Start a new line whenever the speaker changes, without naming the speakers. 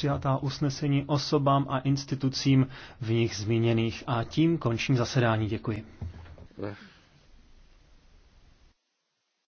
přijatá usnesení osobám a institucím v nich zmíněných. A tím končím zasedání. Děkuji.